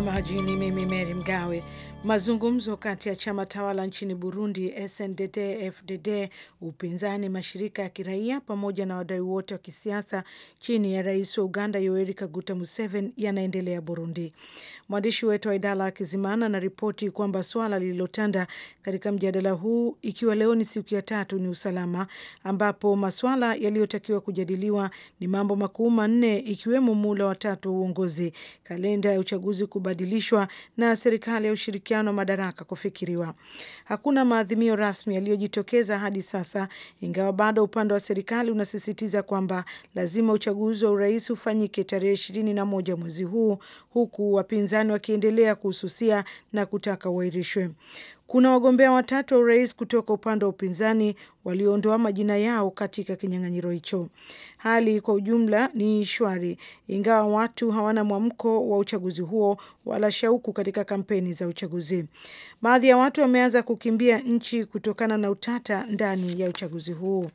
msomaji ni mimi Mary Mgawe. Mazungumzo kati ya chama tawala nchini Burundi, SNDD FDD, upinzani, mashirika ya kiraia pamoja na wadau wote wa kisiasa chini ya rais wa Uganda Yoweri Kaguta Museveni yanaendelea Burundi. Mwandishi wetu wa idara ya Kizimana anaripoti kwamba swala lililotanda katika mjadala huu, ikiwa leo ni siku ya tatu, ni usalama, ambapo maswala yaliyotakiwa kujadiliwa ni mambo makuu manne, ikiwemo muhula watatu wa uongozi, kalenda ya uchaguzi kubadilishwa na serikali ya ushirikiano ushirikiano wa madaraka kufikiriwa. Hakuna maadhimio rasmi yaliyojitokeza hadi sasa, ingawa bado upande wa serikali unasisitiza kwamba lazima uchaguzi wa urais ufanyike tarehe ishirini na moja mwezi huu, huku wapinzani wakiendelea kuhususia na kutaka uairishwe. Kuna wagombea watatu wa urais kutoka upande wa upinzani walioondoa majina yao katika kinyang'anyiro hicho. Hali kwa ujumla ni shwari, ingawa watu hawana mwamko wa uchaguzi huo wala shauku katika kampeni za uchaguzi. Baadhi ya watu wameanza kukimbia nchi kutokana na utata ndani ya uchaguzi huo.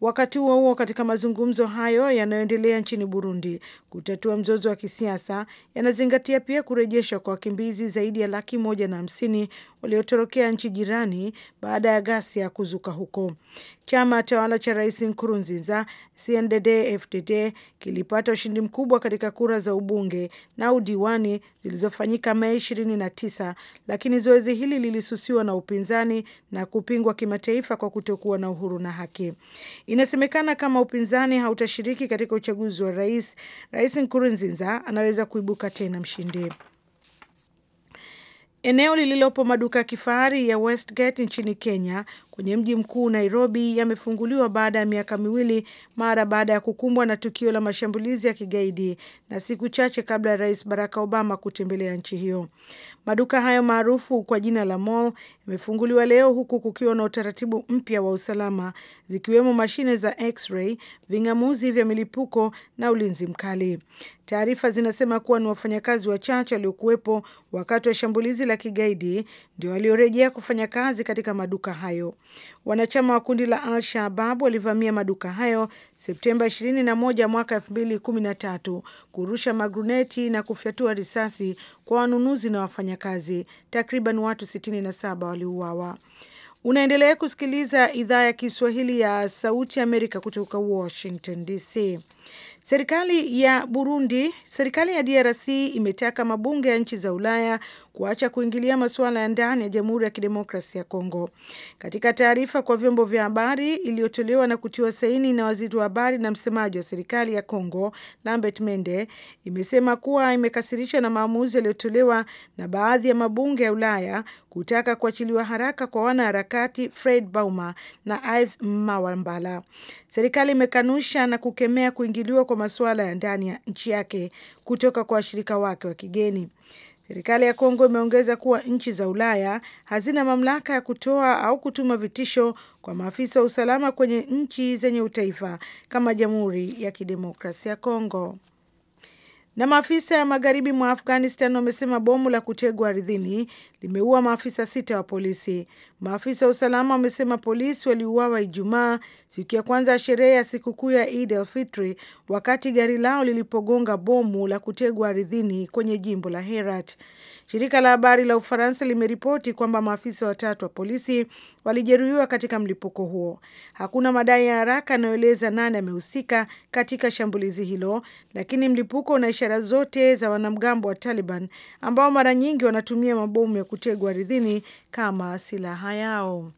Wakati huo huo, katika mazungumzo hayo yanayoendelea nchini Burundi kutatua mzozo wa kisiasa, yanazingatia pia kurejeshwa kwa wakimbizi zaidi ya laki moja na hamsini waliotorokea nchi jirani baada ya ghasia kuzuka huko. Chama tawala cha Rais Nkurunziza, CNDD-FDD, kilipata ushindi mkubwa katika kura za ubunge na udiwani zilizofanyika Mei 29, lakini zoezi hili lilisusiwa na upinzani na kupingwa kimataifa kwa kutokuwa na uhuru na haki. Inasemekana kama upinzani hautashiriki katika uchaguzi wa rais, Rais Nkurunziza anaweza kuibuka tena mshindi. Eneo lililopo maduka ya kifahari ya Westgate nchini Kenya kwenye mji mkuu Nairobi yamefunguliwa baada ya miaka miwili mara baada ya kukumbwa na tukio la mashambulizi ya kigaidi na siku chache kabla ya Rais Barack Obama kutembelea nchi hiyo. Maduka hayo maarufu kwa jina la mall yamefunguliwa leo huku kukiwa na utaratibu mpya wa usalama zikiwemo mashine za x-ray, ving'amuzi vya milipuko na ulinzi mkali. Taarifa zinasema kuwa ni wafanyakazi wachache waliokuwepo wakati wa shambulizi la kigaidi ndio waliorejea kufanya kazi katika maduka hayo. Wanachama wa kundi la Al Shabab walivamia maduka hayo Septemba 21 mwaka 2013 kurusha magruneti na kufyatua risasi kwa wanunuzi na wafanyakazi. Takriban watu 67 waliuawa. Unaendelea kusikiliza idhaa ya Kiswahili ya Sauti Amerika kutoka Washington DC. Serikali ya Burundi, serikali ya DRC imetaka mabunge ya nchi za Ulaya kuacha kuingilia masuala ya ndani ya Jamhuri ya Kidemokrasia ya Kongo. Katika taarifa kwa vyombo vya habari iliyotolewa na kutiwa saini na waziri wa habari na msemaji wa serikali ya Kongo, Lambert Mende, imesema kuwa imekasirishwa na maamuzi yaliyotolewa na baadhi ya mabunge ya Ulaya kutaka kuachiliwa haraka kwa wanaharakati Fred Bauma na Ives Mawambala. Serikali imekanusha na kukemea kuingiliwa kwa masuala ya ndani ya nchi yake kutoka kwa washirika wake wa kigeni. Serikali ya Kongo imeongeza kuwa nchi za Ulaya hazina mamlaka ya kutoa au kutuma vitisho kwa maafisa wa usalama kwenye nchi zenye utaifa kama Jamhuri ya Kidemokrasia ya Kongo. Na maafisa ya magharibi mwa Afghanistan wamesema bomu la kutegwa ardhini imeua maafisa sita wa polisi. Maafisa wa usalama wamesema polisi waliuawa Ijumaa, siku ya kwanza ya sherehe ya sikukuu ya Eid al-Fitri, wakati gari lao lilipogonga bomu la kutegwa ardhini kwenye jimbo la Herat. Shirika la habari la Ufaransa limeripoti kwamba maafisa watatu wa polisi walijeruhiwa katika mlipuko huo. Hakuna madai ya haraka yanayoeleza nani amehusika katika shambulizi hilo, lakini mlipuko una ishara zote za wanamgambo wa Taliban ambao mara nyingi wanatumia mabomu ya kutegwa ardhini kama silaha yao.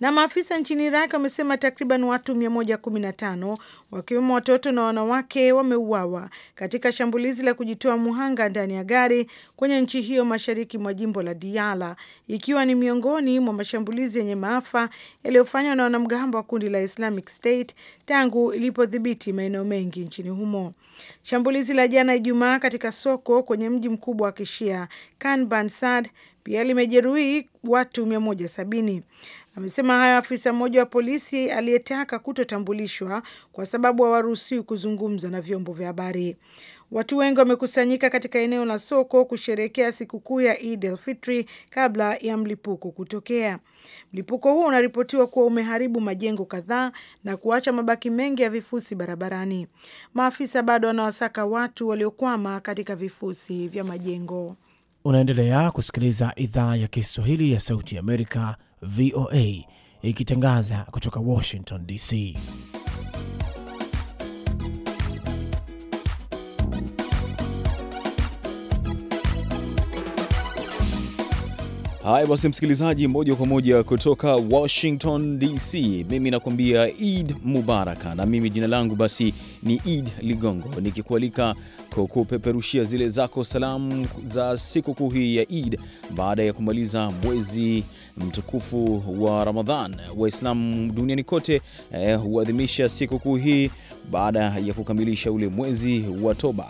Na maafisa nchini Iraq wamesema takriban watu 115 wakiwemo watoto na wanawake wameuawa katika shambulizi la kujitoa muhanga ndani ya gari kwenye nchi hiyo mashariki mwa jimbo la Diyala, ikiwa ni miongoni mwa mashambulizi yenye maafa yaliyofanywa na wanamgambo wa kundi la Islamic State tangu ilipodhibiti maeneo mengi nchini humo. Shambulizi la jana Ijumaa katika soko kwenye mji mkubwa wa kishia Kanban pia limejeruhi watu 170. Amesema hayo afisa mmoja wa polisi aliyetaka kutotambulishwa kwa sababu hawaruhusiwi kuzungumza na vyombo vya habari. Watu wengi wamekusanyika katika eneo la soko kusherekea sikukuu ya Eid fitri kabla ya mlipuko kutokea. Mlipuko huo unaripotiwa kuwa umeharibu majengo kadhaa na kuacha mabaki mengi ya vifusi barabarani. Maafisa bado wanawasaka watu waliokwama katika vifusi vya majengo. Unaendelea kusikiliza idhaa ya Kiswahili ya Sauti ya Amerika, VOA, ikitangaza kutoka Washington DC. Haya basi, msikilizaji, moja kwa moja kutoka Washington DC, mimi nakuambia Eid Mubaraka, na mimi jina langu basi ni Eid Ligongo, nikikualika kukupeperushia zile zako salamu za sikukuu hii ya Eid baada ya kumaliza mwezi mtukufu wa Ramadhan. Waislamu duniani kote eh, huadhimisha sikukuu hii baada ya kukamilisha ule mwezi wa toba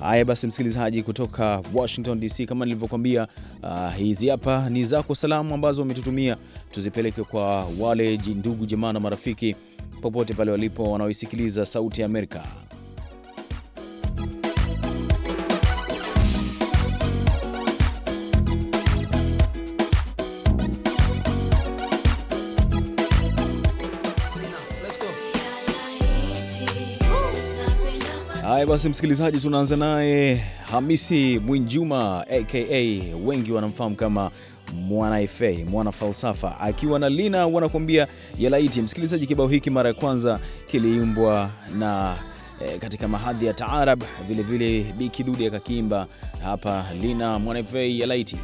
Haya basi, msikilizaji kutoka Washington DC, kama nilivyokuambia, uh, hizi hapa ni zako salamu ambazo umetutumia tuzipeleke kwa wale ndugu, jamaa na marafiki popote pale walipo wanaoisikiliza Sauti ya Amerika. Haya basi, msikilizaji, tunaanza naye Hamisi Mwinjuma aka wengi wanamfahamu kama mwanaefe mwana falsafa, akiwa na Lina wanakuambia yalaiti. Msikilizaji, kibao hiki mara ya kwanza kiliimbwa na e, katika mahadhi ya taarab, vilevile Bikidudi akakiimba hapa. Lina mwana efe yalaiti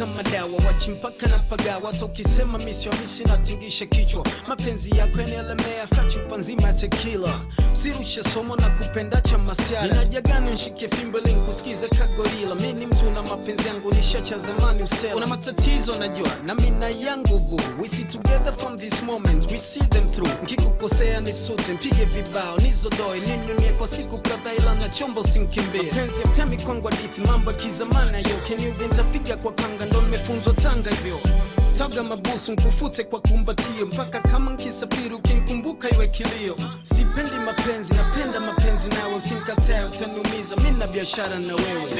kama dawa, wachimpaka na pagawa. Hata ukisema misi natingisha kichwa, mapenzi yako yanaelemea kachupa nzima ya tekila. Sirushe somo na kupenda cha masiara, inajagani nshike fimbo ili kagorila. Mi ni mtu na mapenzi yangu nishacha zamani usela, una matatizo najua na mina yangu gu We see together from this moment, we see them through. Nkikukosea sute mpige vibao, nizodoe ninunie kwa siku kadhaa, ila na chombo sinkimbie. Mapenzi ya mtami kwangu hadithi, mambo ya kizamani yoke, niudhi ntapiga kwa kanga ndo nimefunzwa Tanga hivyo taga mabusu nkufute kwa kumbatio mpaka kama nkisafiri ukinkumbuka iwe kilio. Sipendi mapenzi, napenda mapenzi nawe, usinkatae utaniumiza, mimi na biashara na wewe.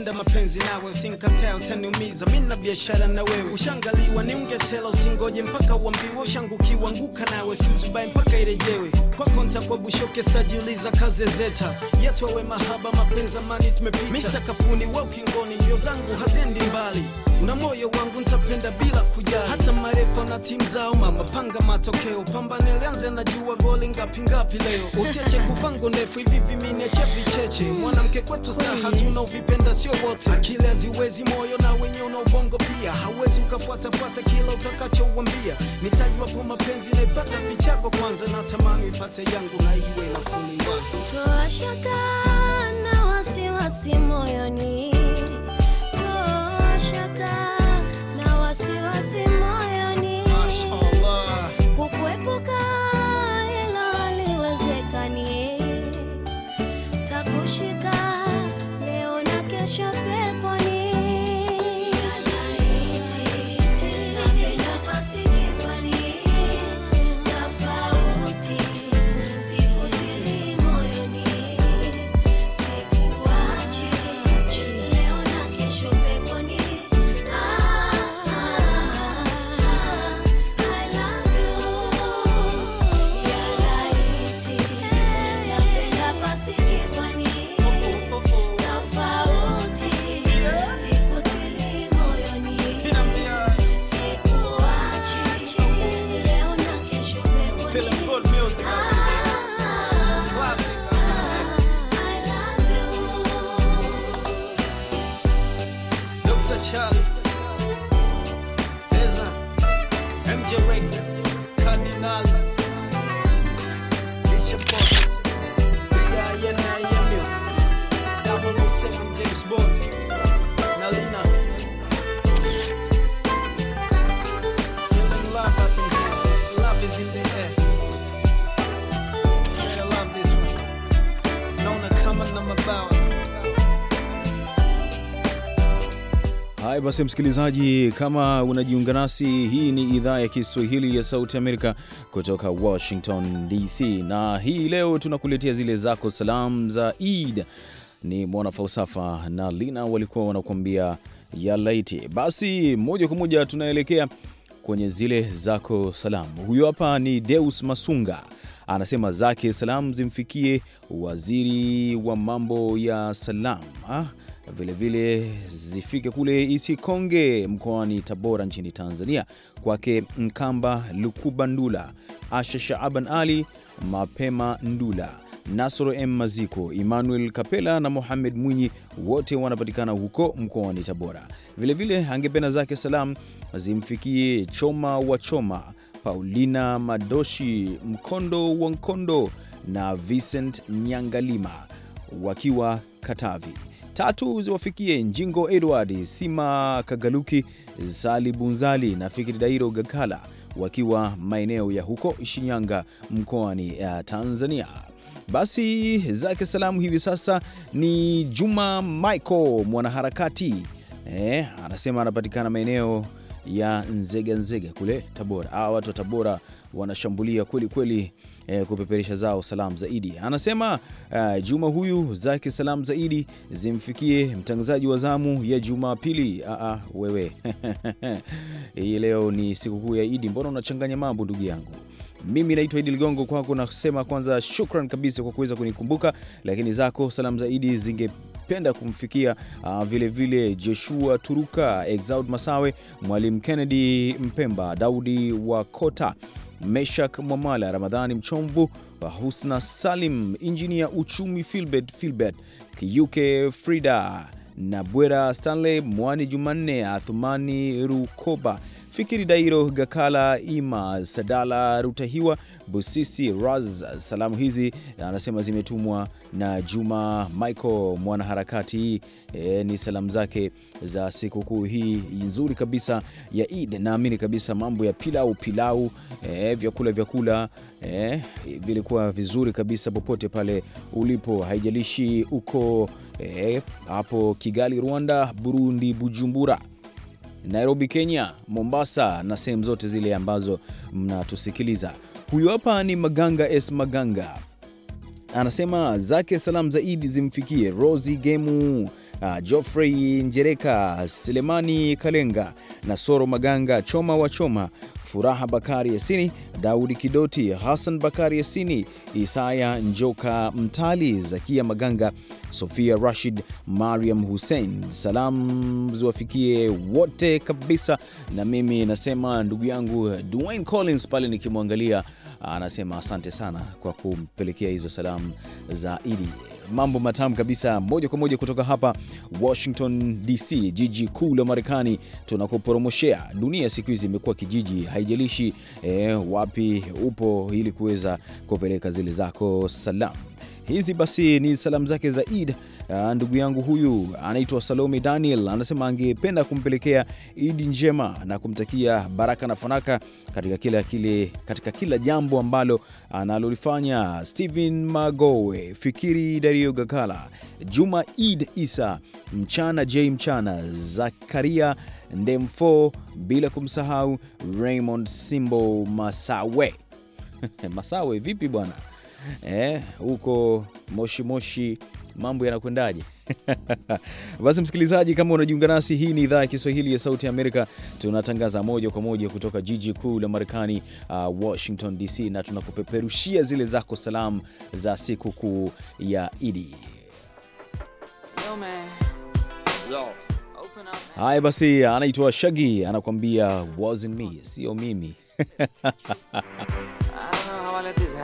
Napenda mapenzi nawe, usinikataa utaniumiza. Mimi na biashara na wewe, ushangaliwa ni ungetela, usingoje mpaka uambiwe. Ushangukiwa nguka nawe, simzubai mpaka irejewe kwa bushoke stajiuliza kaze zeta yetu, awe mahaba mapenzi, amani tumepita. misa kafuni wewe ukingoni, mbio zangu haziendi mbali. Una moyo wangu nitapenda bila kuja hata marefa na timu zao mama, panga matokeo, pambane lianze, najua goli ngapi ngapi leo, usiache kuvango ndefu hivi viminiache vicheche. Mwanamke kwetu staha uvipenda sio wote, akili haziwezi moyo na wenye una ubongo pia, hauwezi ukafuatafuata kila utakachouambia. Nitajwapo mapenzi naipata vichako kwanza, natamani ipate yangu na iwe la kuliwaza, toa na wasiwasi moyoni Haya basi, msikilizaji, kama unajiunga nasi, hii ni idhaa ya Kiswahili ya Sauti Amerika kutoka Washington DC, na hii leo tunakuletea zile zako salam za Eid. Ni mwana falsafa na Lina walikuwa wanakuambia ya laiti. Basi moja kwa moja tunaelekea kwenye zile zako salam Huyo hapa ni Deus Masunga anasema zake salam zimfikie waziri wa mambo ya ha? vilevile zifike kule Isikonge mkoani Tabora nchini Tanzania, kwake Mkamba Lukuba Ndula, Asha Shaaban Ali Mapema Ndula, Nasoro M Maziko, Emmanuel Kapela na Mohamed Mwinyi, wote wanapatikana huko mkoani Tabora. Vilevile angependa zake salam zimfikie Choma wa Choma, Paulina Madoshi, Mkondo wa Mkondo na Vincent Nyangalima wakiwa Katavi. Tatu ziwafikie Njingo Edward Sima Kagaluki, Sali Bunzali na Fikiri Dairo Gakala wakiwa maeneo ya huko Shinyanga mkoani ya eh, Tanzania. Basi zake salamu hivi sasa ni Juma Michael mwanaharakati eh, anasema anapatikana maeneo ya Nzega Nzega kule Tabora. Hawa watu wa Tabora wanashambulia kweli kweli eh, kupeperesha zao salamu zaidi. Anasema uh, Juma huyu zake salamu zaidi zimfikie mtangazaji wa zamu ya Jumapili. Aa, ah, ah, wewe hii leo ni sikukuu ya Idi, mbona unachanganya mambo ndugu yangu? Mimi naitwa Idi Ligongo, kwako nasema kwanza shukran kabisa kwa kuweza kunikumbuka, lakini zako salamu zaidi zingependa kumfikia vilevile ah, vile Joshua Turuka, Exaud Masawe, Mwalimu Kennedy Mpemba, Daudi Wakota, Meshak Mwamala, Ramadhani Mchomvu, Husna Salim, Injinia Uchumi Filbert Filbert Kiyuke, Frida na Bwera Stanley Mwani, Jumanne Athumani Rukoba Fikiri Dairo, Gakala Ima, Sadala Rutahiwa, Busisi Raz. Salamu hizi eh, anasema zimetumwa na Juma Michael mwanaharakati. E, ni salamu zake za sikukuu hii nzuri kabisa ya Eid. Naamini kabisa mambo ya pilau pilau, e, vyakula vyakula e, vilikuwa vizuri kabisa popote pale ulipo, haijalishi uko hapo e, Kigali Rwanda, Burundi, Bujumbura Nairobi Kenya, Mombasa na sehemu zote zile ambazo mnatusikiliza. Huyu hapa ni Maganga S Maganga, anasema zake salamu za Idi zimfikie Rosi Gemu, ah, Geoffrey Njereka, Selemani Kalenga na Soro Maganga, Choma wa Choma, Furaha Bakari Yasini, Daudi Kidoti, Hassan Bakari Yasini, Isaya Njoka Mtali, Zakia Maganga, Sofia Rashid, Mariam Hussein. Salamu ziwafikie wote kabisa, na mimi nasema ndugu yangu Dwayne Collins pale nikimwangalia anasema asante sana kwa kumpelekea hizo salamu za Idi mambo matamu kabisa, moja kwa moja kutoka hapa Washington DC, jiji kuu la Marekani, tunakuporomoshea dunia. Siku hizi imekuwa kijiji, haijalishi eh, wapi upo, ili kuweza kupeleka zile zako salamu. Hizi basi ni salamu zake za Eid. Ah, ndugu yangu huyu anaitwa Salome Daniel, anasema angependa kumpelekea Eid njema na kumtakia baraka na fanaka katika kila, kile, katika kila jambo ambalo analolifanya. Steven Magowe, Fikiri Dario Gakala, Juma Eid Isa, Mchana J Mchana, Zakaria Ndemfo, bila kumsahau Raymond Simbo Masawe. Masawe vipi bwana? Eh, huko eh, Moshi Moshi mambo yanakwendaje? Basi msikilizaji, kama unajiunga nasi, hii ni idhaa ya Kiswahili ya Sauti ya Amerika. Tunatangaza moja kwa moja kutoka jiji kuu la Marekani, uh, Washington DC, na tunakupeperushia zile zako salamu za siku kuu ya Idi. Haya basi, anaitwa Shagi anakuambia wasn't me, sio mimi. I don't know how I let this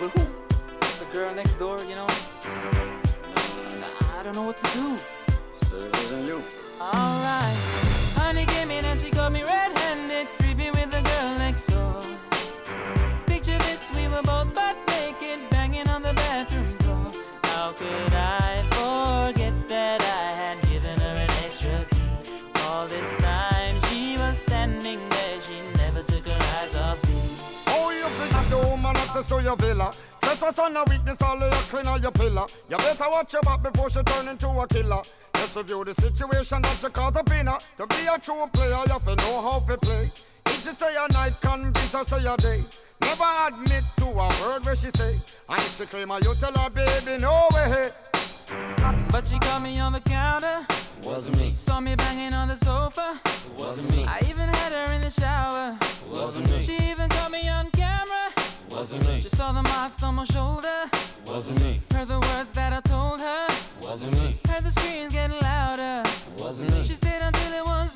With who? The girl next door, you know? Uh, I don't know what to do. It wasn't you. Alright. Honey came in and she got me red handed, creepy with the girl next door. access to your villa. Trespass on a weakness, all your clean on your pillar. You better watch your back before she turn into a killer. Just review the situation that you caught the in her. To be a true player, you have to know how to play. If she say a night, convince her say a day. Never admit to a word where she say. And if she claim her, you tell her, baby, no way. But she caught me on the counter. Wasn't me. Saw me banging on the sofa. Wasn't me. I even had her in the shower. Wasn't me. She even caught me on wasn't me. She saw the marks on my shoulder. Wasn't me. Heard the words that I told her. Wasn't me. Heard the screams getting louder. Wasn't me. She stayed until it was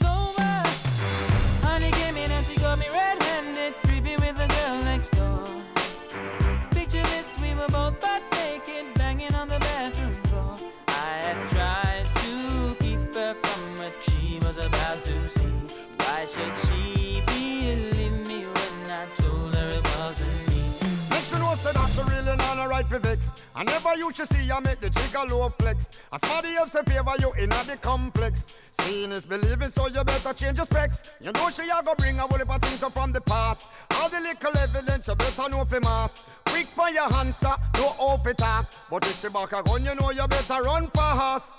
fi vex. I never you should see I make the jigger low flex. As somebody else in favor you in a the complex. Seeing is believing, so you better change your specs. You know she a go bring a whole heap of things up from the past. All the little evidence you better know fi mass. Quick for your answer, no off it up. But if she back a gun, you know you better run fast.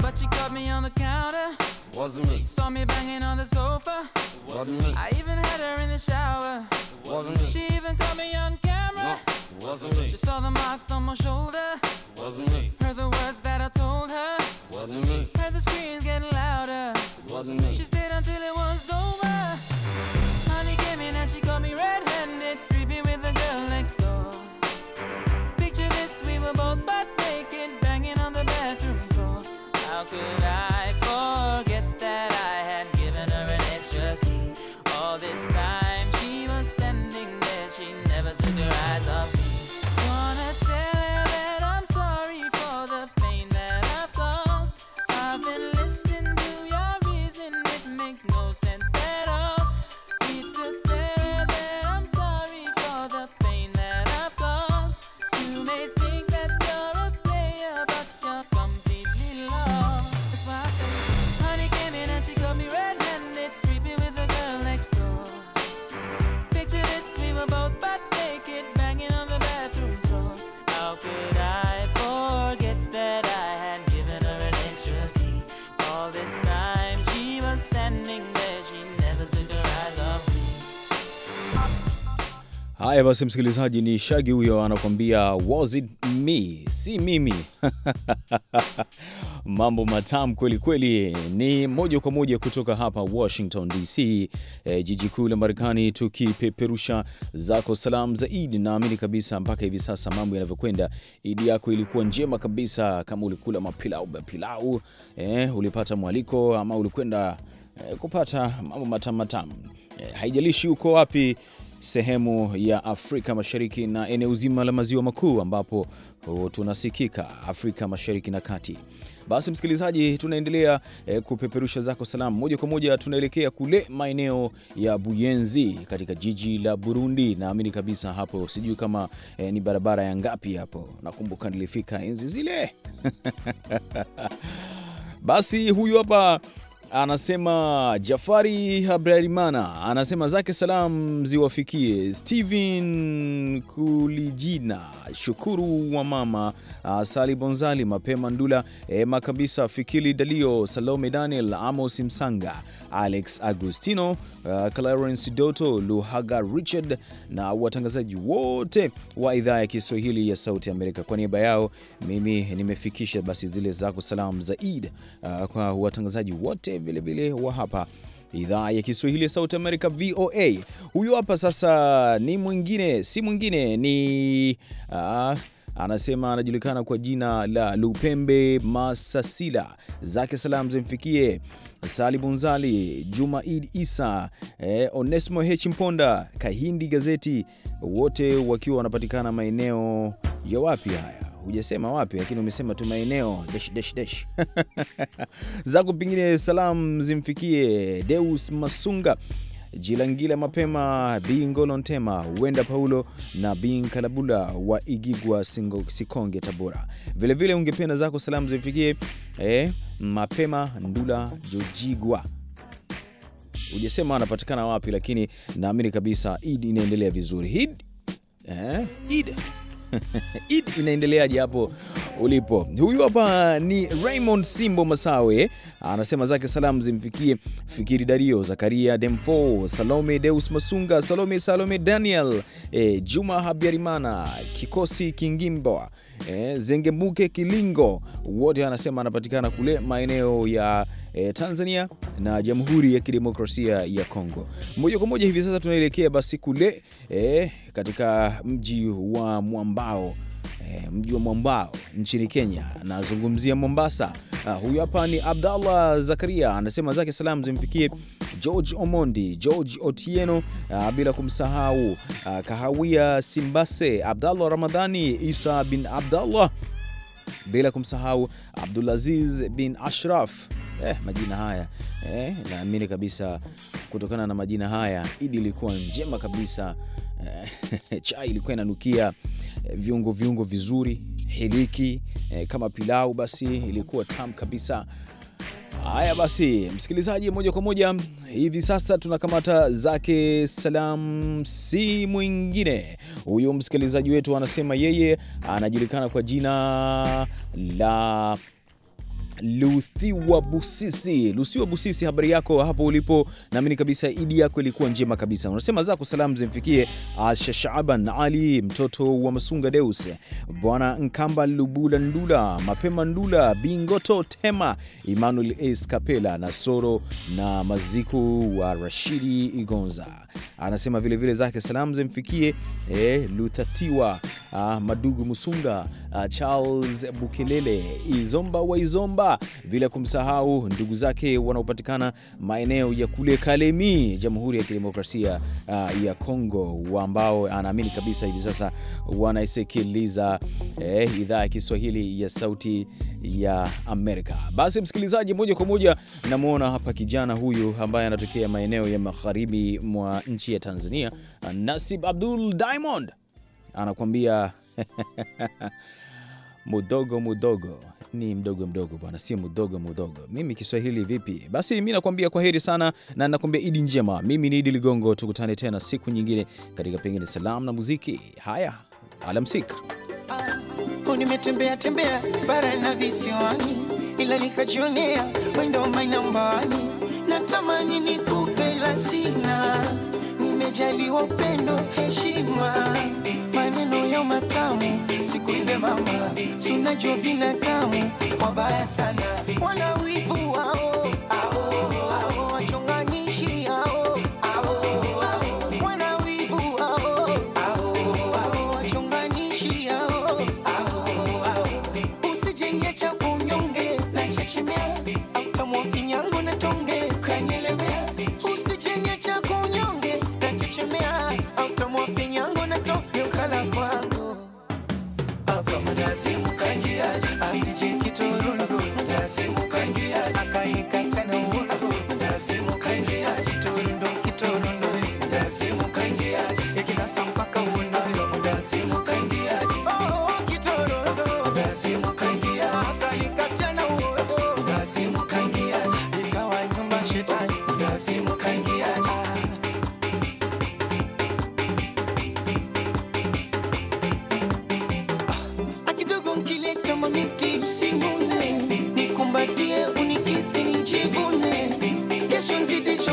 But she caught me on the counter. Wasn't me. Saw me banging on the sofa. Wasn't me. I even had her in the shower. Wasn't me. She even caught me on no, wasn't me. She saw the marks on my shoulder. Wasn't me. Heard the words that I told her. Wasn't me. Heard the screams getting louder. Wasn't me. She stayed until it was over. Honey came in and she caught me red-handed, creepy with a girl next door. Picture this, we were both butt. Haya basi, msikilizaji, ni Shagi huyo anakuambia was it me, si mimi mambo matamu kweli kweli, ni moja kwa moja kutoka hapa Washington DC, e, eh, jiji kuu la Marekani, tukipeperusha zako salam za Idi. Naamini kabisa mpaka hivi sasa mambo yanavyokwenda, Idi yako ilikuwa njema kabisa, kama ulikula mapilau mapilau, e, eh, ulipata mwaliko ama ulikwenda e, kupata mambo matamu matamu, e, haijalishi uko wapi sehemu ya Afrika Mashariki na eneo zima la maziwa makuu ambapo tunasikika Afrika Mashariki na Kati. Basi msikilizaji, tunaendelea e, kupeperusha zako salamu moja kwa moja. Tunaelekea kule maeneo ya Buyenzi katika jiji la Burundi. Naamini kabisa hapo, sijui kama e, ni barabara ya ngapi hapo, nakumbuka nilifika enzi zile basi huyu hapa anasema Jafari Habrarimana anasema zake salam ziwafikie Steven Kulijina, Shukuru wa mama uh, Sali Bonzali, Mapema Ndula, Ema Kabisa, Fikili Dalio, Salome Daniel, Amos Msanga, Alex Agustino, uh, Clarence Doto Luhaga, Richard na watangazaji wote wa idhaa ya Kiswahili ya Sauti Amerika. Kwa niaba yao mimi nimefikisha basi zile zako salam za Eid uh, kwa watangazaji wote vilevile wa hapa idhaa ya Kiswahili ya Sauti Amerika, VOA. Huyu hapa sasa ni mwingine, si mwingine ni aa, anasema anajulikana kwa jina la Lupembe Masasila, zake salam zimfikie Sali Bunzali, Jumaid Isa, eh, Onesimo H Mponda, Kahindi Gazeti, wote wakiwa wanapatikana maeneo ya wapi haya hujasema wapi, lakini umesema tu maeneo zako. Pengine salam zimfikie Deus Masunga Jilangila mapema Bingolo Ntema Wenda Paulo na Bin Kalabula wa Igigwa Singo, Sikonge Tabora. Vilevile ungependa zako salamu zifikie eh, mapema Ndula Jojigwa. ujasema anapatikana wapi, lakini naamini kabisa id inaendelea vizuri. id eh, Eid inaendeleaje hapo ulipo? Huyu hapa ni Raymond Simbo Masawe, anasema zake salamu zimfikie Fikiri Dario, Zakaria Demfo, Salome Deus Masunga, Salome Salome Daniel, eh, Juma Habyarimana, Kikosi Kingimba e, eh, Zengembuke Kilingo, wote anasema anapatikana kule maeneo ya e, Tanzania na Jamhuri ya Kidemokrasia ya Kongo. Moja kwa moja hivi sasa tunaelekea basi kule e, katika mji wa Mwambao Eh, mji wa mwambao nchini Kenya. Nazungumzia Mombasa. Ah, huyu hapa ni Abdallah Zakaria, anasema zake salamu zimfikie George Omondi, George Otieno, ah, bila kumsahau ah, Kahawia Simbase, Abdallah Ramadhani, Isa bin Abdallah, bila kumsahau Abdulaziz bin Ashraf. Eh, majina haya eh, naamini kabisa kutokana na majina haya idi ilikuwa njema kabisa Eh, chai ilikuwa inanukia eh, viungo viungo vizuri, hiliki eh, kama pilau, basi ilikuwa tam kabisa. Haya basi, msikilizaji, moja kwa moja hivi sasa tunakamata zake salam, si mwingine huyu msikilizaji wetu anasema yeye anajulikana kwa jina la Luthiwa Busisi. Lusiwa Busisi, habari yako hapo ulipo? Naamini kabisa idi yako ilikuwa njema kabisa. Unasema zako salamu zimfikie Asha Shaaban Ali, mtoto wa Masunga Deus, Bwana Nkamba Lubula, Ndula Mapema, Ndula Bingoto, Tema Emmanuel S Kapela na Soro na Maziku wa Rashidi Igonza. Anasema vilevile vile zake salamu zimfikie eh, Luthatiwa ah, Madugu Musunga Ah, Charles Bukelele, Izomba wa Izomba, bila kumsahau ndugu zake wanaopatikana maeneo ya kule Kalemi, Jamhuri ya Kidemokrasia ah, ya Kongo, ambao anaamini kabisa hivi sasa wanaisikiliza eh, idhaa ya Kiswahili ya Sauti ya Amerika. Basi msikilizaji, moja kwa moja namwona hapa kijana huyu ambaye anatokea maeneo ya magharibi mwa nchi ya Tanzania, Nasib Abdul Diamond anakuambia mudogo mudogo ni mdogo mdogo bwana, sio mudogo mudogo. Mimi Kiswahili vipi? Basi mi nakuambia kwa heri sana na nakwambia idi njema. Mimi ni Idi Ligongo, tukutane tena siku nyingine katika pengine salamu na muziki. Haya, alamsika. Ah, oh, nimetembea tembea bara na visiwani, ila nikajionea wendo na tamani ni la sina, nimejaliwa upendo heshima maneno ya matamu, siku ile mama, tunajua binadamu wabaya sana, wana wivu wao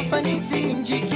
fazer um zinji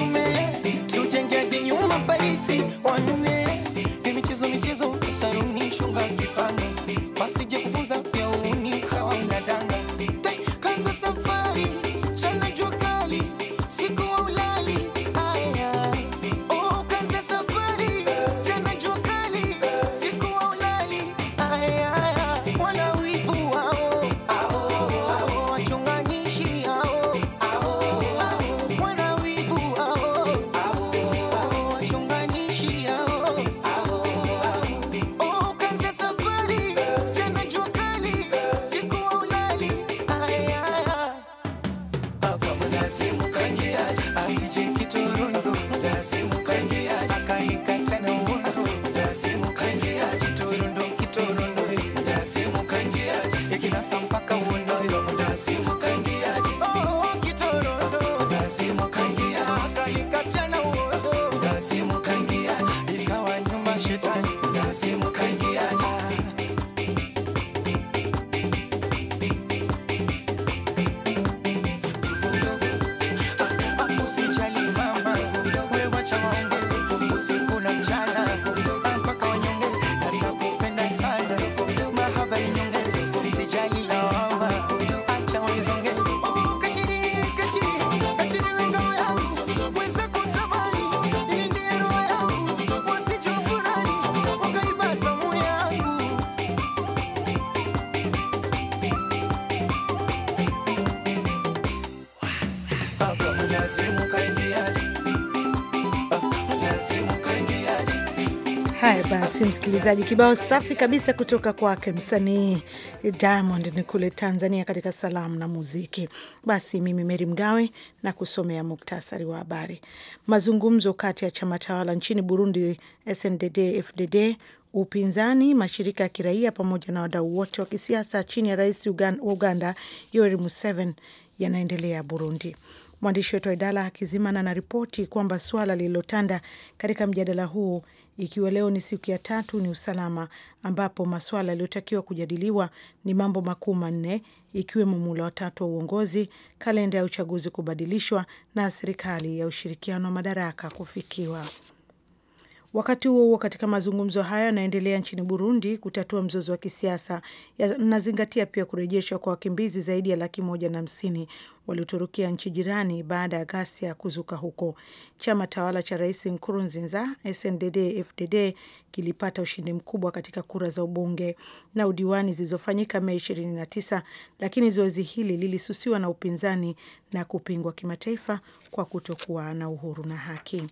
msikilizaji, kibao safi kabisa kutoka kwake msanii Diamond ni kule Tanzania katika salamu na muziki. Basi mimi Meri Mgawe na kusomea muktasari wa habari. Mazungumzo kati ya chama tawala nchini Burundi SNDD FDD upinzani, mashirika ya kiraia pamoja na wadau wote wa kisiasa chini ya rais wa Uganda Yoweri Museveni yanaendelea Burundi. Mwandishi wetu wa idara Hakizimana anaripoti kwamba suala lililotanda katika mjadala huu ikiwa leo ni siku ya tatu ni usalama, ambapo masuala yaliyotakiwa kujadiliwa ni mambo makuu manne, ikiwemo muhula watatu wa uongozi, kalenda ya uchaguzi kubadilishwa na serikali ya ushirikiano wa madaraka kufikiwa. Wakati huo huo, katika mazungumzo hayo yanaendelea nchini Burundi kutatua mzozo wa kisiasa yanazingatia pia kurejeshwa kwa wakimbizi zaidi ya laki moja na hamsini walioturukia nchi jirani baada ya ghasia kuzuka huko. Chama tawala cha Rais Nkurunziza, SNDD-FDD, kilipata ushindi mkubwa katika kura za ubunge na udiwani zilizofanyika Mei tisa, lakini zoezi hili lilisusiwa na upinzani na kupingwa kimataifa kwa kutokuwa na uhuru na haki.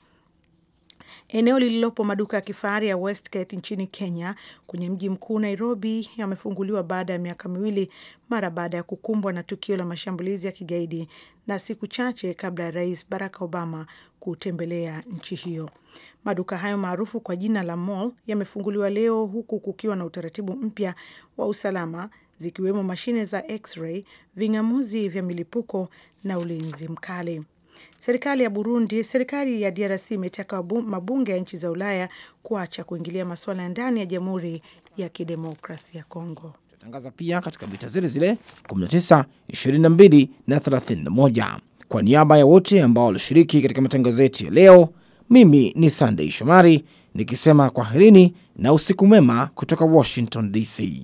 Eneo lililopo maduka ya kifahari ya Westgate nchini Kenya kwenye mji mkuu Nairobi yamefunguliwa baada ya miaka miwili mara baada ya kukumbwa na tukio la mashambulizi ya kigaidi na siku chache kabla ya Rais Barack Obama kutembelea nchi hiyo. Maduka hayo maarufu kwa jina la mall yamefunguliwa leo huku kukiwa na utaratibu mpya wa usalama zikiwemo mashine za x-ray, ving'amuzi vya milipuko na ulinzi mkali. Serikali ya Burundi, serikali ya DRC imetaka mabunge ya nchi za Ulaya kuacha kuingilia masuala ya ndani ya Jamhuri ya Kidemokrasia ya Kongo. Tangaza pia katika mita zile zile 19, 22 na 31. Kwa niaba ya wote ambao walishiriki katika matangazo yetu ya leo, mimi ni Sandei Shomari nikisema kwaherini na usiku mwema kutoka Washington DC.